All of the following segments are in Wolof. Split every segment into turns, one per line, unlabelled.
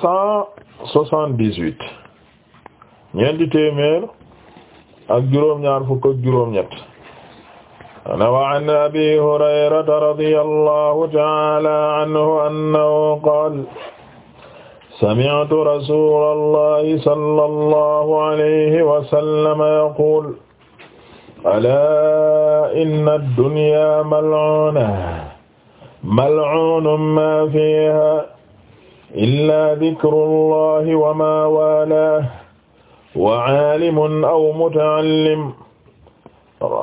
cent soixante-dix-huit ñeenti téeméer ak juróom-ñaar fukk ak juróom-ñett ana wa an abi hurayrata radiyallahu ta'ala anhu annahu qaala sami'tu rasulallahi sallallahu alayhi wa sallam yaqul alaa inna ad-dunya mal'una mal'unun ma fiha illaa dikrullahi wa maa waalaa wa caalimun aw mutacallim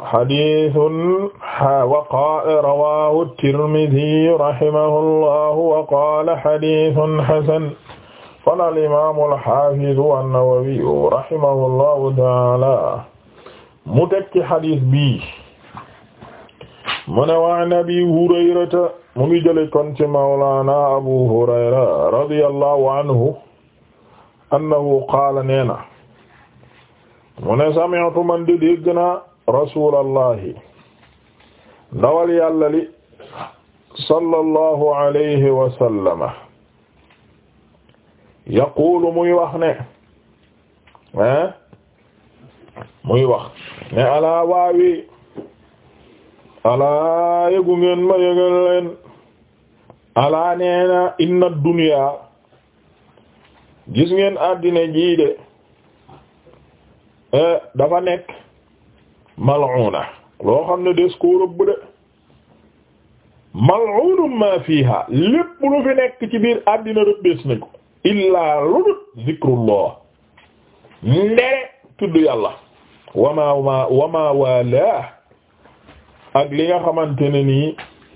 xadiisun waqaa rawaahu tirmidiyu rahimahullahu wa qaala xadiisun xasan qaala al-imaamu al-xaafidu an-nawawiyu rahimahullahu tacaala mu tekki xadiis bi mu ne wa an abi hurayrata mu ngi jële kon ci mawlaana abu hurayra radiyallahu anhu annahu qaala mu ne sami'tu man di dégg naa rasulallahi ndawal yàlla li sallallahu alayhi wa muy wax ne ah muy wax ne alaa waawi alaa yëgu ngeen ma yëgal leen alaa nee inna dunya gis ngeen àddina jii eh, dafa nekk mal'una loo xam ne des ko rëbb de mal'unun ma fiha lépp lu fi nekk ci biir àddina rëbbees nañ ko illaa ludut zikrullah ndere tudd yàlla wama wama wama ak li nga xamante ne nii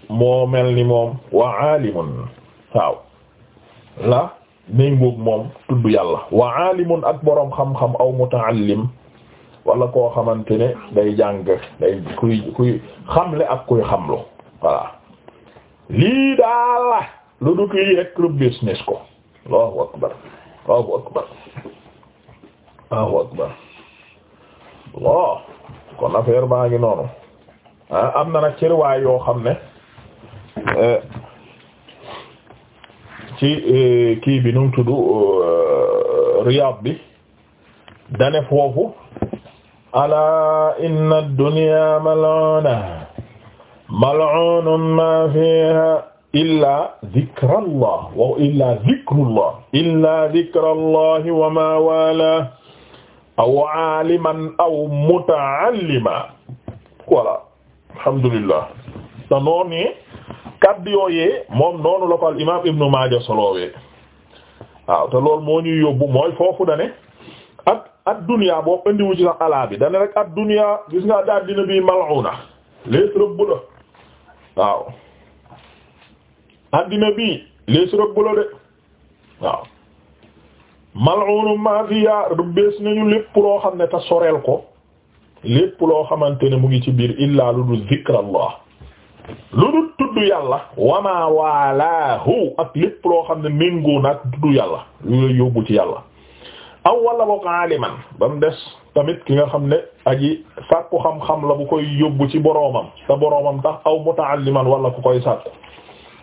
moo mel ni moom wa aalimun waaw la néngoog moom tudd yàlla wa aalimun ak boroom xam-xam aw mutaallim wala koo xamante ne day jàng day kuy kuy xamle ak kuy xamlu voilà lii daal la lu dut lii rek lu ko allahu akbar allahu akbar allahu akbar Allah kon affaire baa ngi noonu Ah, am na nag ci riwaay yoo xam ne eh, ci eh, kii bi nu mu tudd eh, Riyad bi dane foofu ala inna ad-dunya mal'una mal'unun ma fiha illa dhikrullah wa illa dhikrullah illa dhikrullah wa ma wala aw aliman aw muta'allima wala alhamdulillah te noonee kaddu yooyee moom noonu la imaam Ibn Maaja solowee waaw te loolu moo ñuy yóbbu mooy foofu da ne ak ak dunya boo indiwu ci sax alaa bi da rek ak dunya gis nga daal dina bi mal'una lees rëbb la waaw addina bii lees rëbb la de waaw mal'unu ma fiya nañu lépp loo xam ne te soreel ko lépp loo xamante ne mu ngi ci biir illaa lu dul zikrallah lu dul tudd yàlla wama walaahu ak lépp loo xam ne méngoo na ak tudd yàlla yooyu yóbbu ci yàlla aw wala boog aliman ba mu des tamit ki nga xam ne aji sàkku xam-xam la bu koy yóbbu ci boroomam te boroomam tax aw mutaalliman wala ku koy sàkku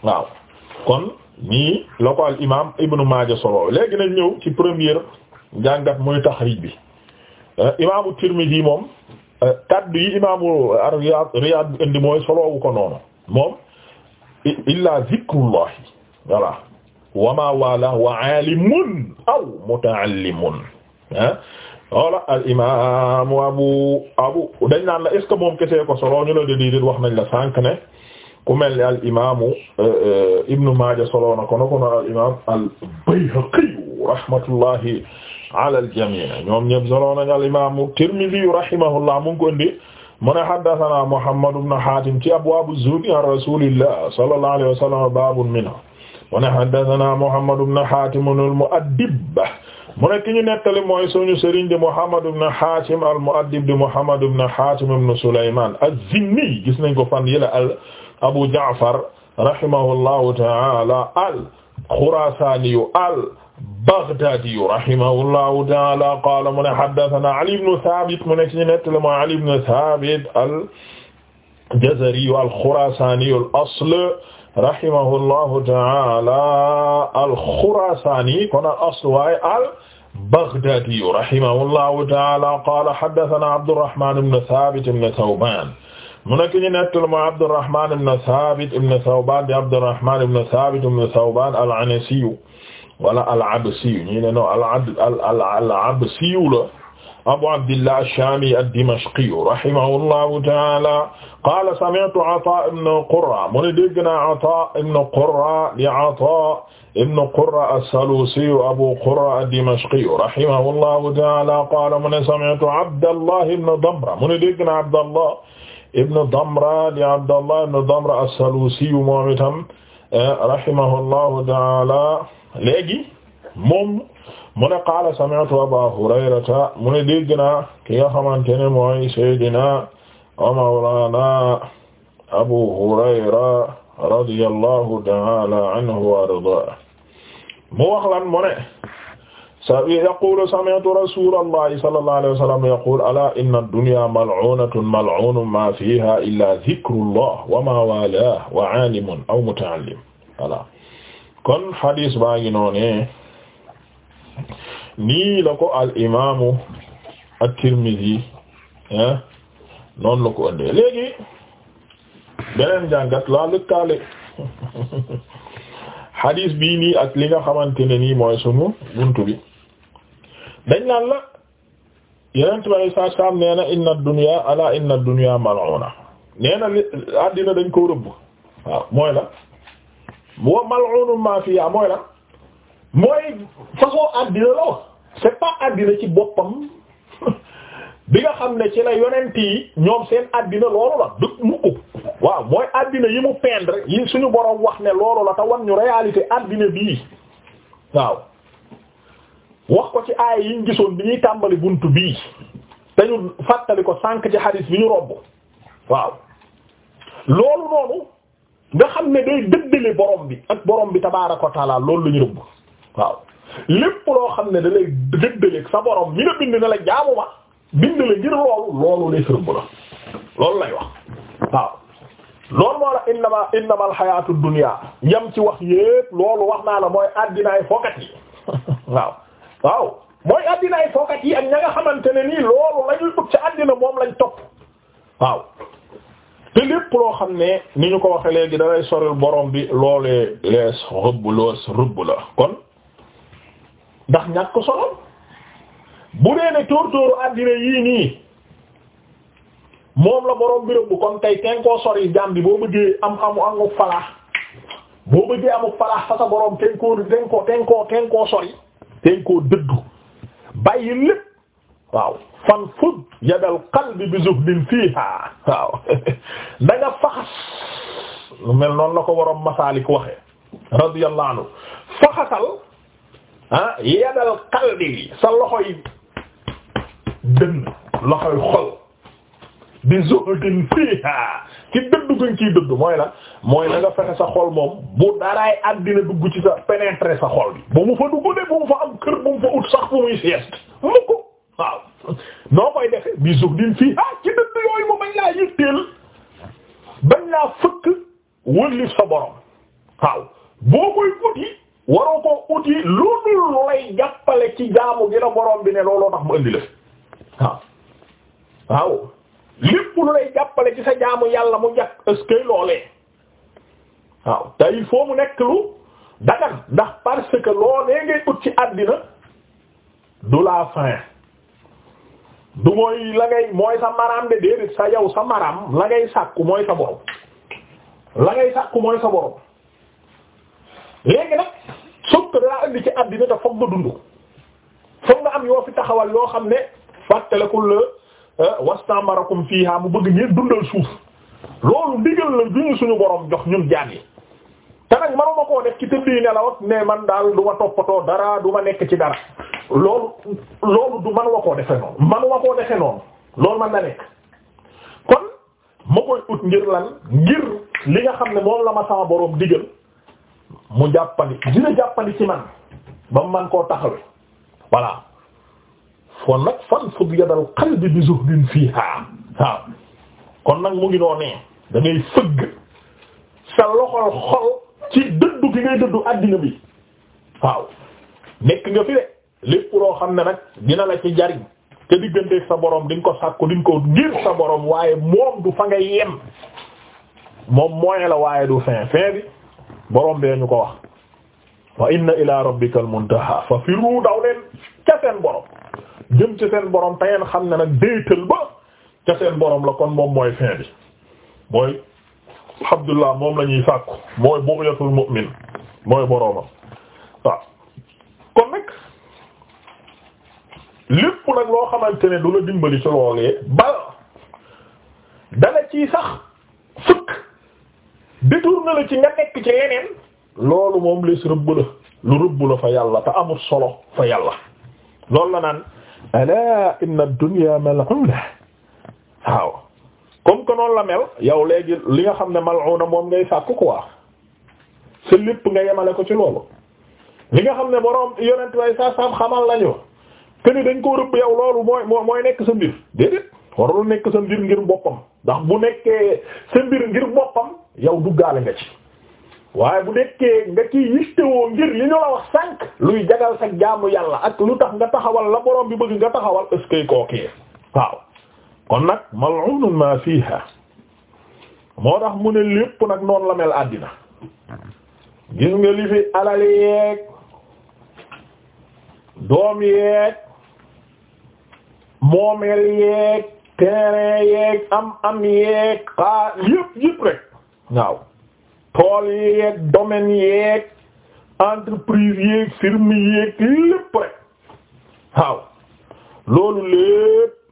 waaw kon nii la ko al imam ibnu Maaja solo léegi nañ ñëw ci première jàngat muy taxriij bi eh, imaamu Tirmidi moom kaddu yi imaamu Riyaad indi mooy soloowu ko noonu moom illa zikrullahi voilà wama wala wa alimun aw mutaallimun ah wala al imaamu abu abu dañ naan la moom kesee ko soloo ñu la de diidit wax nañ la sànq ku mel ni al imaamu euh, euh, ibnu na ko na ko al imaam al ala al-jamii ñoom ñëpp solo nañu al-imaamu Tirmidhi rahimahullah mu ngi ko indi mu ne haddathana Muhammad ibn Hatim ci abwaabu zuhdi an rasulillah sallallahu alayhi wa sallam baabun minhu mu ne haddathana Muhammad ibn Hatim al-Mu'addib mu ne ki ñu nettali mooy suñu sëriñ di Muhammad ibn Hatim al-Mu'addib di Muhammad ibn Hatim ibn Sulaymaan az-Zimmi gis nañ ko fan yële al Abu Ja'far rahimahullahu ta'ala al-Khurasani al Baghdaadi rahimahullahu ta'ala qaala mu ne haddathana Ali ibn Thabit mu ne ci nettali mooy Ali ibn Thabit al-Jazari al-Khurasani al-asl rahimahullahu ta'ala al-Khurasani kon al-asl waaye al-Baghdaadi rahimahullahu ta'ala qaala haddathana Abdurrahman ibn Thabit ibn Thawban mu nekk ñu nettali mooy Abdurrahman ibn Thabit ibn Thawban di Abdurrahman ibn Thabit ibn Thawban al-Anasi wala al-Absiyu ñii ne non al-Abd al-Absiyu la Abu Abdillah ash-Shami ad-Dimashqiyu rahimahullahu ta'ala qaala sami'tu Ata ibn Qurra mu ne dégg naa Ata ibn Qurra li Ata ibn Qurra as-Salusiyu Abu Qurra ad-Dimashqiyu rahimahullahu ta'ala qaala mu ne sami'tu Abdallah ibn Damra mu ne dégg naa Abdallah ibn Damra li Abdallah ibn Damra as-Salusiyu moom itam eh, rahimahullahu ta'ala léegi moom mu ne qaala sami'tu Abaa Hurayrata mu ne dégg naa ki nga xamante ne mooy Seydina wa Mawlaana Abu Hurayra radiyallahu ta'ala anhu wa ardaahu mu wax lan mu ne yaqulu sami'tu rasuulallahi sallallahu alayhi wa sallam yaqulu alaa inna ad-dunyaa mal'uunatun mal'uunun maa fiihaa illaa dhikrullah wa maa waalaahu wa 'aalimun aw muta'allim kon hadis baa ngi noone nii la ko al imaamu at-Tirmidhi ah noonu la ko ëndee léegi beneen jàngat la lëkkaale hadis bii nii ak li nga xamante ne nii mooy sunu buntu bi dañ naan la yenent bari sa sam inna ad inna ad-dunya mal'una nee na li àddina dañ ko rëbb waaw mooy la wa mal'unun ma fiha mooy la mooy façon àddina la c'est pas àddina ci boppam bi nga xam ne ci la yonent yi ñoom seen àddina loolu la du mukk waaw mooy àddina yi mu peindre yi suñu boroom wax ne loolu la te wan ñu réalité àddina bii waaw wax ko ci aay yi ñu gisoon bi ñuy tàmbali bunt bii te ñu fàttali ko sànq ci hadis bi ñu romb waaw loolu noonu nga xam ne day dëddale borom bi ak borom bi tabaaraka wa taala loolu la ñu rëbb waaw lépp loo xam ne da lay dëddale sa borom mi nga bind na la jaamu ma bind la ngir loolu loolu lay rëbb la loolu lay wax waaw loolu moo la innama innama alxayaatu dunya yam ci wax yépp loolu wax naa la mooy addinaay fookat yi waaw waaw mooy addinaay fookat yi ak ña nga xamante ne nii loolu lañuy bëgg ci addina moom lañ topp waaw te lépp loo xam ne ni ñu ko waxe léegi dalay soril boroom bi loolee lees rëbb la kon ndax ñàkk ko solo bu dee ne tóor-tóoru àddina yii nii moom la borom bi rëbb kon tey kenn koo sori jaam bi boo bëggee am amu amu falaax boo bëggee amu falaax fa sa borom kenn koo kenn koo kenn koo kenn koo sori kenn koo dëddu bàyyi lépp waaw fan fud yadal qalbi bi zuhdin fiiha waaw da nga faxas mel noonu la ko waroon masaalik waxee radiyallahu anhu faxasal ah yadal qalbi sa loxoy dënn loxoy xol bi zuhdin fiiha ci dëddu gën ciy dëddu mooy la mooy na nga fexe sa xol moom bu daraay àddina dugg ci sa pénétrer sa xol bi bu mu fa dugg de bu mu fa am kër bu mu fa ut sax bu muy sieste mukk waaw noo koy defe bi suuf din fii ah ci dëkk yooyu mu bañ laa yitteel bañ laa fëkk wëlli sa borom waaw boo koy uti waroo koo uti lu dul lay jàppale ci jaamu gi la borom bi ne looloo tax mu andi la waaw waaw lépp lu lay jàppale ci sa jaamu yàlla mu njàkk parce que loolee waaw te il faut mu nekk lu dagan ndax parce que loolee ngay ut ci àddina du fin du mooy la ngay mooy sa maraam de déedéet sa yow sa maraam la ngay sàkku mooy sa borom la ngay sàkku mooy sa borom léegi nag sokk daa indi ci àddina te foog nga dund foog nga am yoo fi taxawal yoo xam ne fàttalekul la eh, wastambarakum fiha mu bëgg ngeen dundal suuf loolu ndigal la ju suñu borom jox ñun jaam te nag manuma koo def ci tëdd nelaw ak ne man daal du ma toppatoo dara du ma nekk ci dara loolu loolu du manuma koo defe noonu manuma koo defe noonu loolu man na nekk kon ma koy ut ngir lan ngir li nga xam ne moom la ma sama boroom digal mu jàppandi dina jàppandi ci man ba mu man koo taxawe voilà kon nag fan fud yadal qalbi bi zuhdin fiha waaw kon nag mu ngi noonee da ngay fëgg sa loxol xol ci dëddu gi ngay dëddu àddina bi waaw nekk nga fi de lépp loo xam ne nag dina la ci jariñ te diggante sa borom di ko sàkku di ko ngir sa borom waaye moom du fa nga yem moom moyen la waaye du fin fin bi borom bee ñu ko wax wa inna ila rabbika al muntaha fa firru daw leen ca seen borom jëm ci seen borom te ngeen xam ne nag déetal ba ca seen borom la kon moom mooy fin bi mooy alhamdulilah moom la ñuy mooy bughyatul mu'min mooy boroomam kon nag lépp nag loo xamante ne du la dimbali ci loolee bal dala ciy sax fëkk détourné la ci nga nekk ci yeneen loolu moom lis rëbb la lu rëbb la fa yàlla te amul solo fa yàlla loolu la naan ala inna ad-dunya mal'una waaw comme que noonu la mel yow léegi li nga xam ne mal'una moom ngay sàkk quoi sa lépp nga yemale ko ci loolu li nga xam ne boroom yonent way sa sam xamal lañu que ni dañ ko rëbb yow loolu mooy mooy nekk sa mbir déedéet warul nekk sa mbir ngir boppam ndax bu nekkee sa mbir ngir boppam yow duggaale nga ci waaye bu nekkee nga ciy yittewoo ngir li ñu la wax sànq luy jagal sa jaamu yàlla ak lu tax nga taxawal la boroom bi bëgg nga taxawal est-ce que kon nag mal'unun ma fiha moo tax mu ne lépp nag noonu la mel àddina gis nga li alal yeeg doom yeeg moomeel yeeg terrain yeeg am am yeeg xaa yëpp yëpp rek waaw tool yeeg domaine yeeg entreprise yeeg firme yeeg lépp rek waaw loolu lépp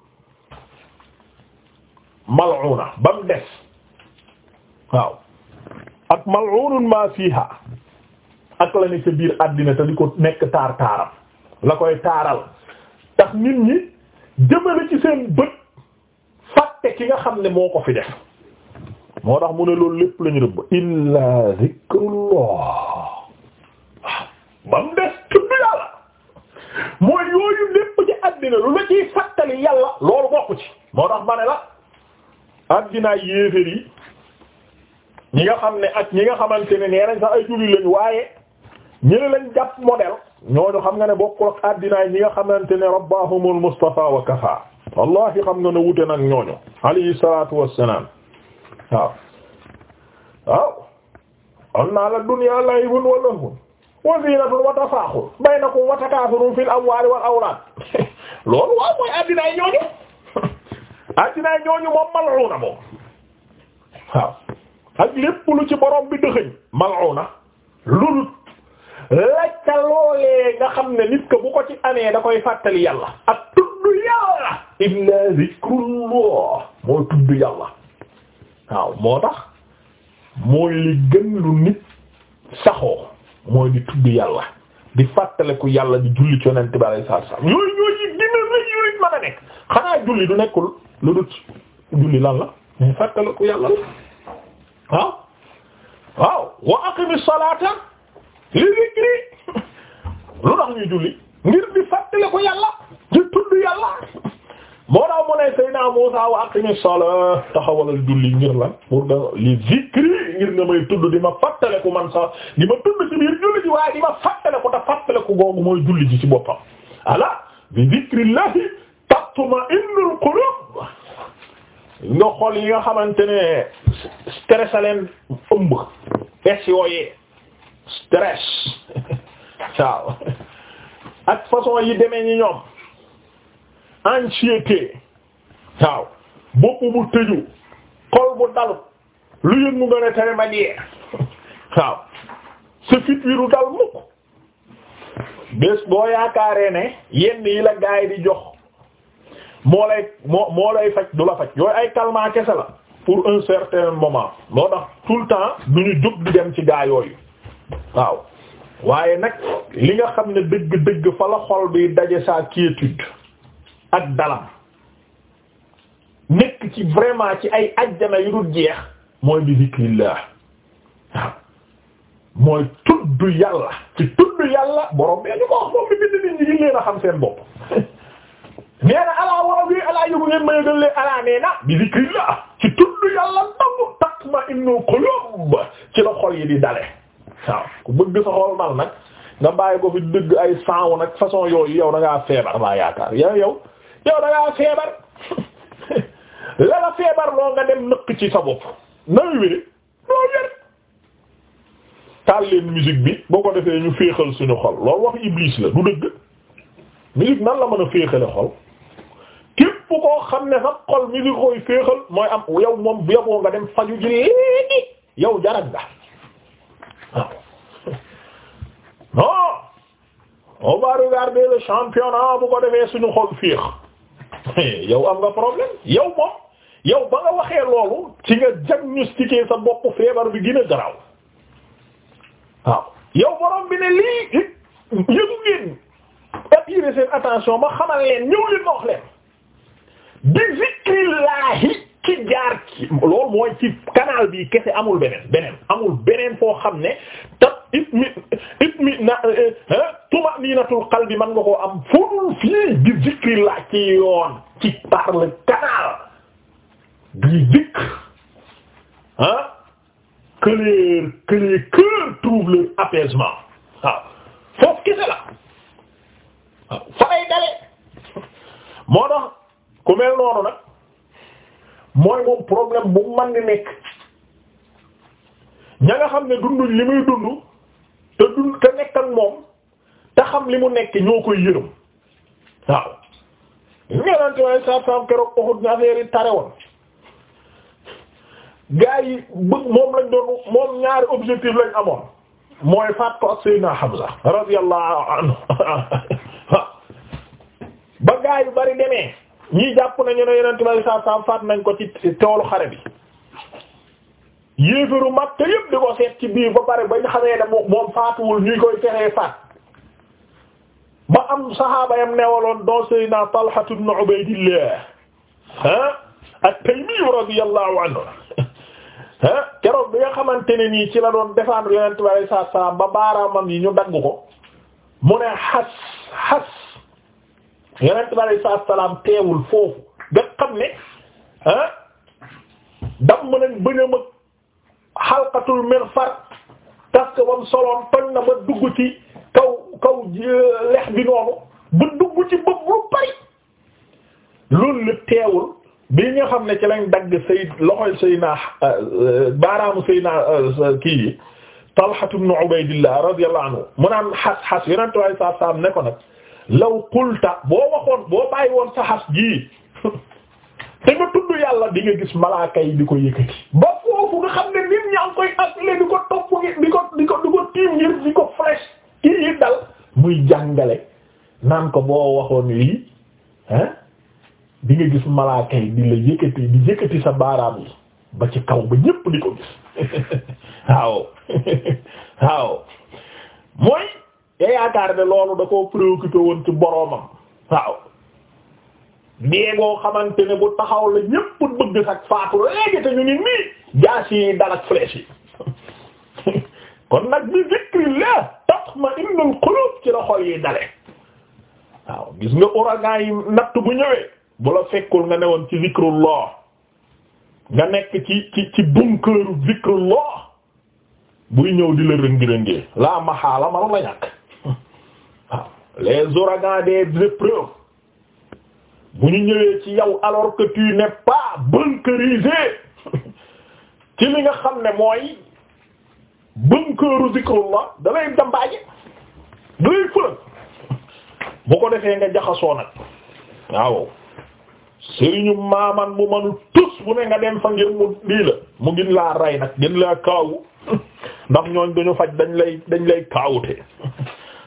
mal'una ba mu des waaw ak mal'unun ma fiha ak la ne ca biir àddina te di ko nekk taar taaram la koy taaral tax nit ñi jëmale ci seen bët fàtte ki nga xam ne moo ko fi def moo tax mu ne loolu lépp lañu rëbb illa zikrullah ba mu des tudd yàlla mooy yooyu lépp ci àddina lu la ciy fàttali yàlla loolu bokku ci moo tax ma ne la àddinaay yéeféer yi ñi nga xam ne ak ñi nga xamante ne nee nañ sax ay julli lañ waaye ñëne lañ jàpp modèle ñooñu xam nga ne bokkul ak àddinaay ñi nga xamante ne rabbahumul mustafa wa kafa wallahi xam nga ne wute nag ñooñu alayhi salatu wassalam waaw waaw on naa la dunya laybun wa lahun wa zinatun wa tafaaxur baynakum wa takathurun fil amwali wal awlad loolu waaw mooy àddinaay ñooñu àddinaay ñooñu moom mal'una moom waaw ak lépp lu ci boroom bi dëxëñ mal'una loolu lajta loolee nga xam ne nit ko bu ko ci amee da koy fàttali yàlla ak tudd yàlla illa zikrullah mooy tudd yàlla waaw moo tax mooy li gën lu nit saxoo mooy di tudd yàlla di fàttaliku yàlla di julli ci bi alayhi salaatu wa salaam yooyu ñoo yi yooyu mën a nekk xanaa julli du nekkul lu dut julli lan la mais fàttaliku yàlla la waaw waaw wa li zikri lu tax ñuy julli ngir di fàttaliku yàlla di tudd yàlla moo daaw mu ne Seydina Muusaa wa aqimi salata taxawalal julli ngir lan pour da li zikri ngir nga may tudd di ma fàttaliku man sax di ma tudd ci biir julli ji waaye di ma fàttaliku te fàttaliku googu mooy julli ji ci boppa ala bi zikrillahi tatma'innul qulub nga xol yi nga xamante ne stress a leen ëmb stress stress waaw ak façon yi demee ñi ñoom anxiété waaw bopp bu tëju xol bu dal lu yëngu nga ne tere ma dee sa fit wi du dal mukk bés boo yaakaaree ne yenn yi la gaay di jox moo lay moo moo lay faj du la faj yooyu ay calmant kese la pour un certain moment moo tax tout le temps du ñu jóg di dem ci gaa yooyu waaw waaye nag li nga xam ne dëgg-dëgg fa la xol bi daje sa quiétude ak dalam nekk ci vraiment ci ay ajjana yu dul jeex mooy bi zikrillah waaw mooy tudd yàlla ci tudd yàlla borom bee ñu ko moom bi bind nit ñi leen a xam seen bopp nee na alaa waaw yooyu alaa yëgu ngeen ma yëgal alaa nee na bi zikrillah ci tudd yàlla nangu tatma'innul qulub ci la xol yi di dale waaw ku bëgg sa xol dal nag nga bàyyi ko fi dëgg ay saawu nag façon yooyu yow da ngaa feebar laa yaakaar yow yow yow feebar la la feebar loo nga dem nëkk ci sa bopp nawi wéri loo wér taal leen bi boo ko defee ñu féexal suñu xol loolu wax iblis la du dëgg musique nan la mën a féexale xol bu ko xam ne sax xol mi koy féexal mooy am yow moom bu yaboo nga dem faju ji léegi yow jarat nga waaw non on va regarder le championnat bu ko defee suñu xol féex yow am nga problème yow moom yow ba nga waxee loolu ci nga diagnostiqué sa bopp feebar bi gën a garaw waaw yow borom bi ne lii yëgu ngeen attirer seen attention ma xamal leen ñëw leen ma bi zikrillahi ci jaar ci loolu mooy ci canal bi kese amul beneen beneen amul beneen foo xam ne tab it mi it mi na eh, eh, eh, tumaaninatul qalbi man nga koo am foofu fii bi zikrillah ci yoon ci par le canal du zikr ah que les que les cœurs trouvent leur apaisement waaw foofu kese la waaw fa lay dale moo tax ku mel noonu nag mooy moom problème bu man di nekk ña nga xam ne dunduñ li muy dund te dund te nekk moom te xam li mu nekk ñoo koy yërëm waaw ñenante waaye saab saab keroog Uhud affaire yi tare woon gaa yi moom lañ doon moom ñaari objectif lañ amoon mooy faat ko ak Seydina Hamza radiyallahu anhu ba gaa yu bari demee ñii jàpp nañu ne yeneen tubaab saa saa faat nañ ko ci toolu xare bi yéefaru mag te yëpp di ko seet ci biir ba pare bañ xamee ne moom faatuwul ñuy koy fexee faat ba am saxaaba yam newaloon doo Seydina naa ibn Ubaydillah ah at-Taymi radiyallahu anhu ah, bi nga xamante ne nii ci la doon défendre yeneen tubaab saa saa ba baaraamam yi ñu dagg ko mu ne xas xas. yonent bi alayhi salaam teewul foofu nga xam ne ah dam nañ bëñ a mag xalqatul mirfar parce que bam soloon toñ na ba dugg ci kaw kaw lex bi noonu ba dugg ci bëb lu bari loolu lépp teewul bi nga xam ne ci lañ dagg say loxoy say naa euh, baaraamu say naa euh, kii yi Talha ibn Ubaydillah radiyallahu anhu mu naan xas xas yonent bi alayhi salaam ne ko nag law qulta boo waxoon boo bàyyi woon sa xas gii te nga tudd yàlla di gis malaaka yi di ko yëkkati ba foofu nga xam ne nit ñaa ngi koy appelé di ko topp ngi di ko di ko di ko di ko flèche kii yi dal muy jàngale naan ko boo waxoon lii hein di nga gis malaaka yi di la yëkkati di yëkkati sa baaraam yi ba ci kaw ba ñépp di ko gis waaw waaw mooy te yaakaar ne loolu da koo préoccupé woon ci boroomam waaw déegoo xamante ne bu taxaw la ñépp bëgg sax faatu léegi te ñu ngi nii jaas yi dal ak flèche yi kon nag bi zikrillah tatma'innul qulub ci la xol yi dale waaw gis nga ouragan natt bu ñëwee bu la fekkul nga newoon ci zikrullah nga nekk ci ci ci bunkeeru zikrullah buy ñëw di la rëngi-rëngee laa maxaala manu la ñàkk les ouragans des épreuves bu ñu ñëwee ci yow alors que tu n'es pas bunkerisé ci li nga xam ne mooy bunkeru zikrullah da lay dambaaje da fëlëg bu ko defee nga jaxasoo nag waaw sëriñu maaman bu manu tus bu ne nga dem fa ngir mu lii la mu gën laa ray nag gën laa kaawu ndax ñooñ duñu faj dañ lay dañ lay kaawute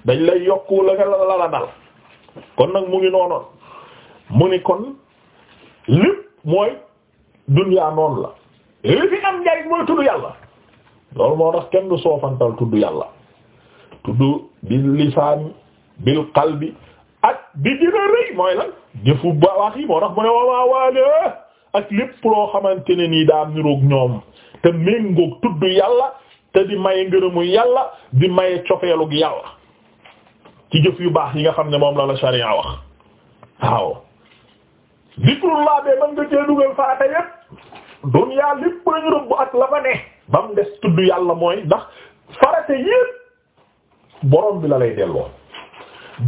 dañ lay yokku la la la dal kon nag mu ngi noonoon mu ni kon lépp mooy duniyaa noonu la li fi am njariñ mooy tudd yàlla loolu moo tax kenn soofantal tudd yàlla tudd bi lisaan bil qalbi ak bi dina rëy mooy lan jëfu baax yi moo tax mu ne ak lépp loo xamante ne nii daa niroog ñoom te méngoog tudd yàlla te di may ngërëmu yàlla di maye cofeelug yàlla ci jëf yu baax yi nga xam ne moom la la sharia wax waaw zikrullah bee mën nga cee dugal faata yépp dunya lépp lañu rëbb ak la ba mu des tudd yàlla mooy ndax farata yépp borom bi la lay delloo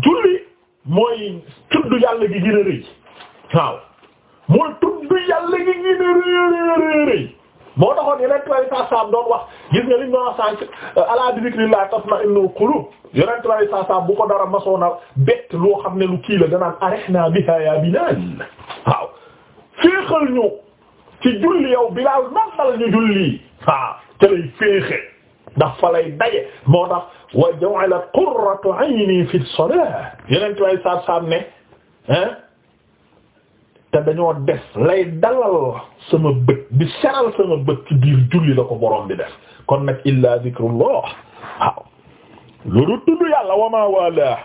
julli mooy tudd yàlla gi gën a rëy mooy tudd yàlla gi gën a rëy moo taxoon yeneen lay saasaam doon wax gis nga liñ doon wax sànq euh, ala bi zikrillah tatma'innul qulub yeneen lay saasaam bu ko dara masoonal bett loo xam ne lu kii la danaan arihna biha ya Bilal waaw féexal ñu julli yow Bilal nandal ñu julli waaw te lay féexe ndax fa lay daje moo tax wa ja'ala qurratu ayni fi salat yeneen lay saasaam ne hein te dañoo des lay dalal sama bët di seral sama bët ci biir julli la ko borom bi def kon nag illa zikrullah waaw loolu tudd yàlla wama wala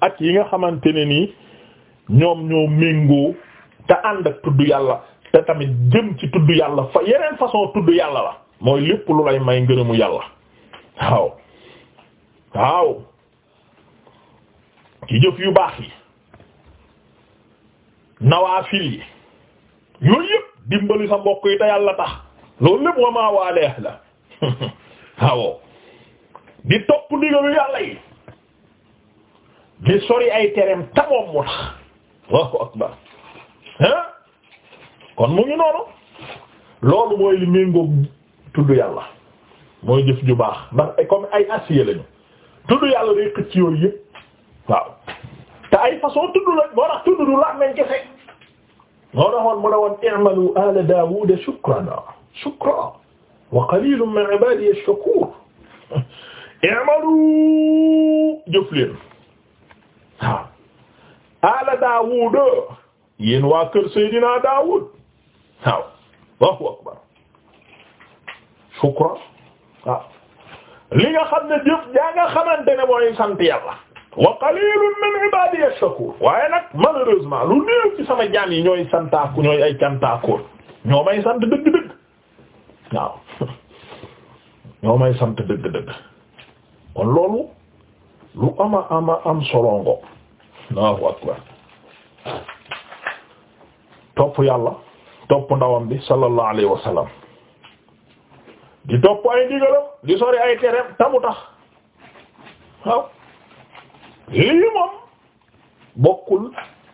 ak yi nga xamante ne nii ñoom ñoo méngoo te ànd ak tudd yàlla te tamit jëm ci tudd yàlla fa yeneen façon tudd yàlla la mooy lépp lu lay may ngërëmu yàlla waaw waaw ci jëf yu baax yi nawaafil yi yooyu yëpp dimbali sa mbokk yi te yàlla tax loolu lépp wamaa waaleex la waaw di topp ndigalu yàlla yi di sori ay tereem tamoom mu tax Allahu akbar hein kon mu ngi noonu loolu mooy li méngoog tudd yàlla mooy jëf ju baax ndax comme ay acier lañu tudd yàlla day xëcc yooyu yëpp waaw te ay façon tudd la moo tax tudd du la nañ kese moo taxoon mu ne woon i'malu ala Daawuda shukran shukran wa qalilun min ibadiya ash-shakur i'malu jëf leen waaw ala Daawuda yéen waa kër Seydina Daawud waaw Allahu akbar shukran waaw li nga xam ne jëf jaa nga xamante ne mooy sant yàlla wa qalilun min ibadiy ash-shakur waaye nag malheureusement lu néew sama jaam yi ñooy santaaku ñooy ay cantaakoor ñoo may sant dëgg-dëgg sant dëgg-dëgg kon loolu lu ama ama am solongo Allahu akbar topp yàlla topp ndawam bi sallallahu alayhi wa di topp ay ndigalam di sori ay tereem tamu tax lii moom bokkul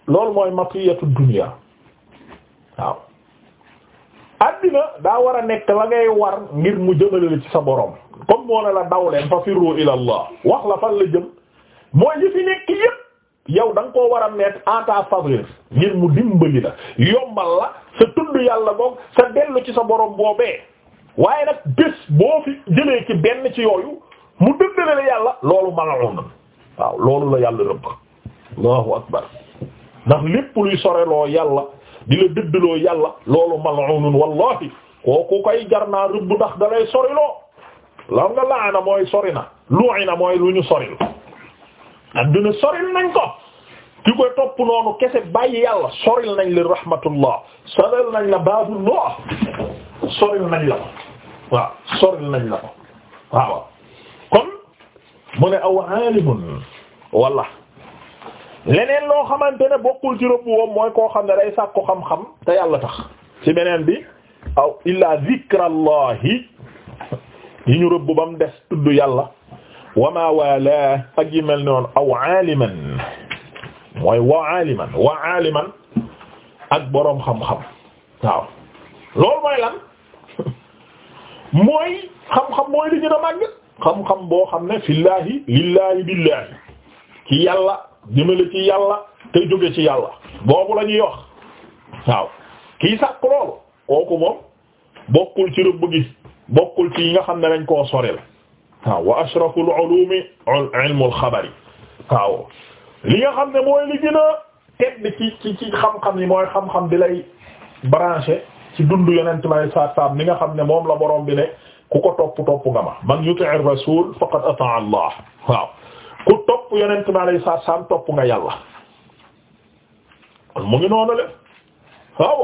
loolu mooy matiyatu dunya waaw addina daa war a nekk la ngay war ngir mu jëmalale ci sa boroom comme moo ne la daw leen fa firru ila allah wax la fan la jëm mooy yi fi nekk yépp yow da nga koo war a mettre en ta faveur ngir mu dimbali la yombal la sa tudd yàlla boog sa dellu ci sa boroom boobee waaye nag bés boo fi jëlee ci benn ci yooyu mu dëndale la yàlla loolu malawoon na waaw loolu la yàlla rëbb allahu akbar ndax lépp luy soreloo yàlla di la dëddloo yàlla loolu mal'unun wallahi kooku koy jar naa rëbb ndax da lay soriloo la nga mooy sori na lu'ina mooy lu ñu soril adduna soril nañ ko ki koy topp noonu kese bàyyi yàlla soril nañ la rahmatullah soril nañ la babullah soril nañ la ko waaw soril nañ la ko mu ne aw alimun wala leneen loo xamante ne bokkul ci rëbb woom mooy koo xam ne day sàkku xam-xam te yàlla tax ci beneen bi aw illa zikrallahi yi ñu rëbb ba mu des tudd yàlla wama wala ak yi mel noonu aw aliman mooy wa aliman wa aliman ak boroom xam-xam waaw loolu mooy lan mooy xam-xam mooy li gën a xam-xam boo xam ne fillaahi lillaahi billaahi ci yàlla jëmale ci yàlla te jóge ci yàlla boobu lañuy ñuy wax waaw kii sàkk loolu kooku moom bokkul ci rëbb bokkul ci yi nga xam ne lañ koo soril waaw wa ashraful ulumi ilmul xabari waaw li nga xam ne mooy li gën a tedd ci ci xam-xam yi mooy xam-xam bi lay branché ci dund yonent lay saab saab li nga xam ne moom la borom bi ne ku ko topp topp nga ma man yuti'ir rasul faqad ata'a Allah waaw ku topp yonent bi alayhi salaam topp nga yàlla kon mu ngi noonu le waaw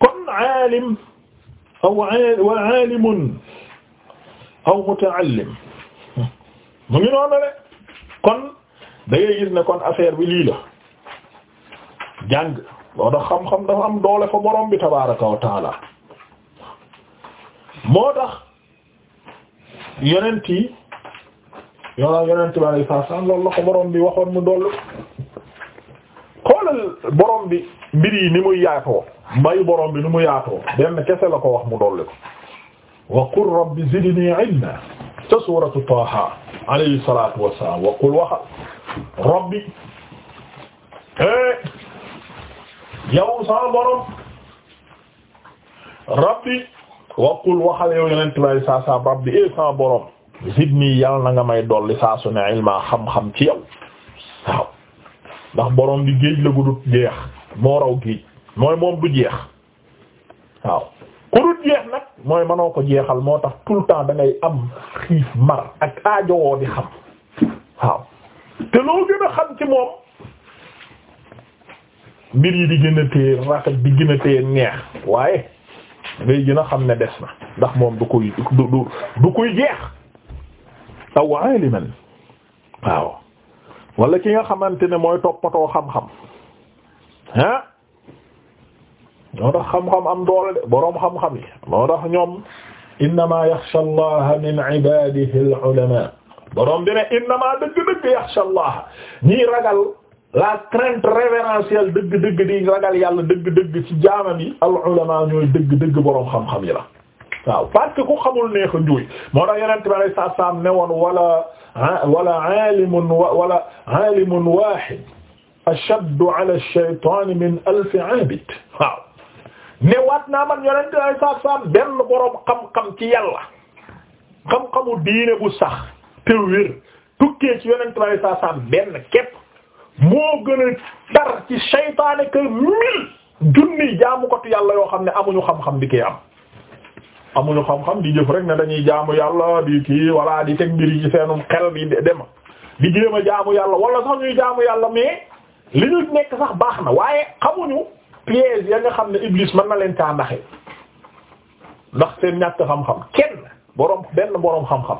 kon aalim aw wa aalimun aw muta'allim mu ngi kon da ngay kon affaire bi lii la jàng loo tax xam-xam doole fa borom tabaaraka wa taala moo tax yonent yi yoona yonent bi alei saat salam bi waxoon mu dollu xoolal borom bi mbir yi ni muy yaatoo mbayu borom bi ni mu yaatoo benn kese la ko wax mu dolli ko wa qul rabbi zidni ilma ca suratu taha alayhi salatu wassalam wa rabbi eh, yow sa borom rabbi waqul waxal yow yonent bay saa sa rabbi e eh, sa borom zidni yàlla na nga may dolli saa su ne ilma xam-xam ci yow waaw ndax borom bi géej la gudut jeex moo raw géej mooy moom du jeex waaw ku dut jeex nag mooy mënoo ko jeexal moo tax tout le temps da ngay am xiif mar ak aajowoo di xam waaw te loo gën a xam ci moom mbir yi di gën a téye rafet di gën a téye neex waaye ngay gën a xam ne des na ndax moom du koy du du du koy jeex aw aliman waaw wala ki nga xamante ne mooy toppatoo xam-xam ah ñoo xam-xam am doole de boroom xam-xam yi moo ñoom innama yaxsha allaha min ibadihi al ulama boroom bi ne innama dëgg-dëgg yaxsha allah ñiy ragal la crainte révérentielle dëgg-dëgg di ragal yàlla dëgg-dëgg ci jaamam yi al ulama ñooy dëgg-dëgg boroom xam-xam yi la waaw parce que ku xamul neex a njuuy moo tax yonent bi alayhi salaatu salaam ne woon wala wala aalimun wala aalimun waahid ashaddu ala ash-shaytaan min alfi aabid waaw ne waat naa man yonent bi alayhi salaatu salaam benn boroom xam-xam ci yàlla xam-xamu diine bu sax te wér tukkee ci yonent bi alayhi salaatu salaam benn képp moo gën a tar ci seytaane que mille junni jaamukatu yàlla yoo xam ne amuñu xam-xam bi koy am amuñu xam-xam di jëf rek ne dañuy jaamu yàlla di kii walla di teg mbir yi ci seenum xel bi dem di jéem a jaamu yàlla wala sax ñuy jaamu yàlla mais li ñu nekk sax baax na waaye xamuñu piège ya nga xam ne iblis mën na leen caa ndaxe ndax seen ñàkk xam-xam kenn boroom benn boroom xam-xam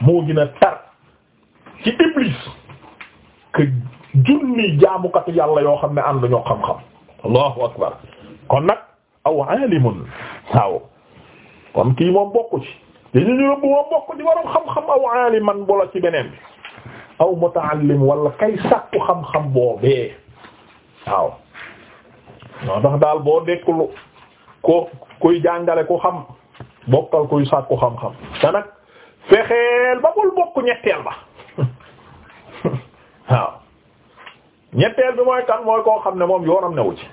moo gën tar ci iblis que junni jaamukatu yàlla yoo xam ne ànd ñoo xam-xam allahu akbar kon nag aw alimun waaw kon kii moom bokku ci te ñu ñu bu ci beneen aw mutaallim wala kay sàkku xam-xam daal boo dekkul jàngale ku xam bokkal kuy sàkku xam-xam te nag fexeel ba bul bokk ñetteel ba waaw ñetteel bi mooy kan mooy koo xam ne moom yoonam newu ci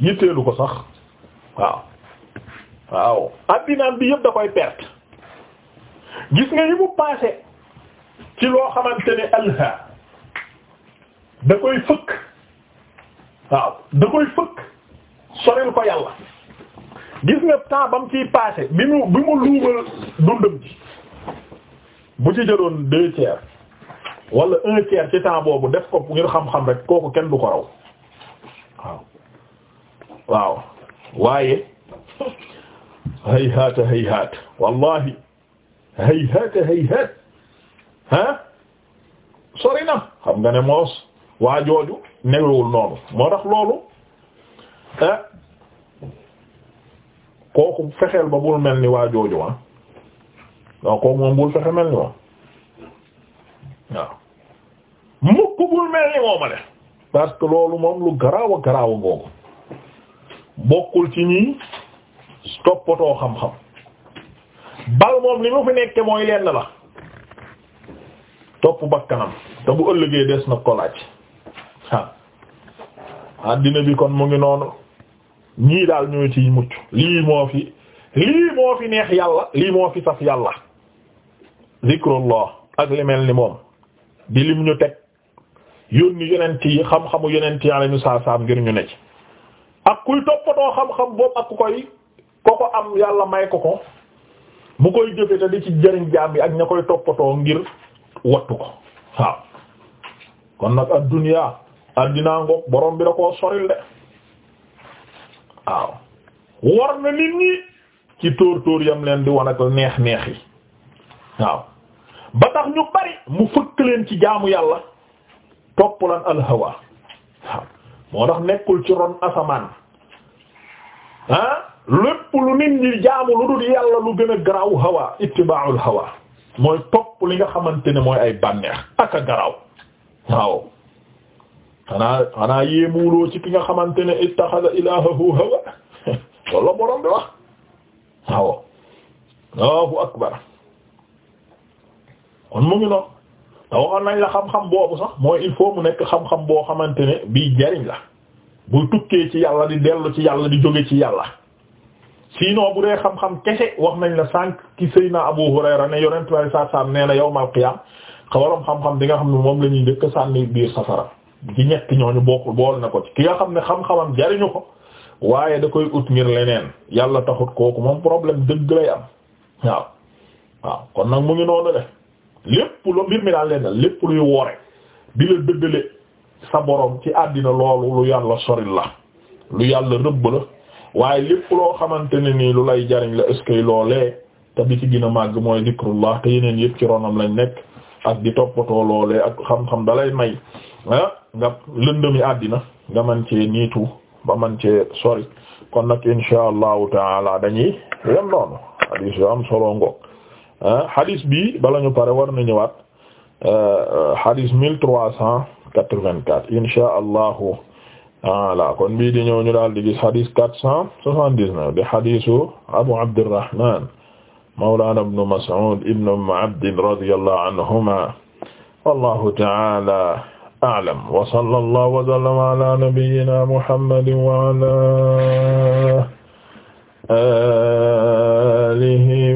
yitteelu ko sax waaw waaw addinaam bi yëpp da koy perte gis nga yi mu passé ci loo xamante ne alha da koy fëkk waaw da koy fëkk soril ko yàlla gis nga temps ba mu ciy passé bi mu bi mu luubal dundam ji bu ci jëloon deux tiers wala un tiers ci temps boobu def ko ngir xam-xam rek kooku kenn du ko raw waaw waaw waaye hayhaata hayhaat wallahi hayhaata hayhaat ah xam nga ne moos waa newewul noonu moo tax loolu ah kooku fexeel ba bul mel ni waa jooju ah donc kooku moom bul fexe mel ni moom waaw loolu moom lu garaaw a garaaw a bokkul ci ñi toppatoo xam-xam bal moom li mu fi nekke mooy lenn la topp bakkanam te bu ëllëgee des na ko addina bi kon mu ngi noonu ñii daal ñoo ciy mucc lii moo fi lii moo fi neex yàlla lii moo fi saf yàlla zikrullah ak li mel ni moom di lim ñu teg yónni yonent yi xam-xamu yonent yi alayhi salaam ngir ñu ne ci ak kuy toppatoo xam-xam boobu ak koy ko ko am yàlla may ko ko mu koy jëfe te di ci jëriñ jaam bi ak ña koy toppatoo ngir wattu ko waaw kon nag ad-dunya addinaa ngoog borom bi da koo soril de waaw war na nit ñi ci tóor tóor yam leen di wan ak neex neex yi waaw ba tax ñu bari mu fëkk leen ci jaamu yàlla topp lan alhawa waaw moo tax nekkul ci ron asamaan ah lépp lu nit ñi jaamu lu dul yàlla lu gën a garaaw hawa ittiba'ul hawa mooy topp li nga xamante ne mooy ay bànneex ak a garaaw waaw xanaa xanaa yéemuwuloo ci ki nga xamante ne ittaxada ilaahahu hawa loolu borom bi wax waaw Allahu akbar kon mu ngi noonu te waxoon nañ la xam-xam boobu sax mooy il faut mu nekk xam-xam boo xamante ne bii jariñ la bu tukkee ci yàlla di dellu ci yàlla di jóge ci yàlla sinon bu dee xam-xam kese wax nañ la sànq ki Seydina Abu Hurayra ne yonent way saa saam nee na yawmal qiyaam xawaram xam-xam di nga xam ne moom la ñuy njëkk sànni biir safara ci ñett ñooñu bokkul bool na ko ci ki nga xam ne xam-xamam jariñu ko waaye da koy ut ngir leneen yàlla taxut kooku moom problème dëgg lay am waaw waaw kon nag mu ngi noonu de lépp lu mbir mi luy wore di la dëddale sa borom ci àddina loolu lu yàlla soril la lu yàlla rëbb la waaye lépp loo xamante ne nii lu lay jariñ la est-ce que loolee te bi ci gën a màgg mooy zikrullah te yeneen yëpp ci ronam lañ nekk ak di toppatoo loolee ak xam-xam dalay may ah nga lëndëmi àddina nga man ci niitu ba man cee sori kon nag insha allahu taala dañuy yem noonu hadis yo am solo ngoog Ah, hadis bi bala ñu pare war na ñëwaat ah, hadis mille trois cent quatre-vingt-quatre insha allahu taala kon bii di ñëw ñu daal di gis hadis quatre cent soixante-dix-neuf di hadisu abu abdurrahman mawlana ibn mas'ud ibn umm abd radiyallahu anhuma wallahu taala a'lam wa sallallahu wa sallama ala nabiyyina muhammadin wa ala alihi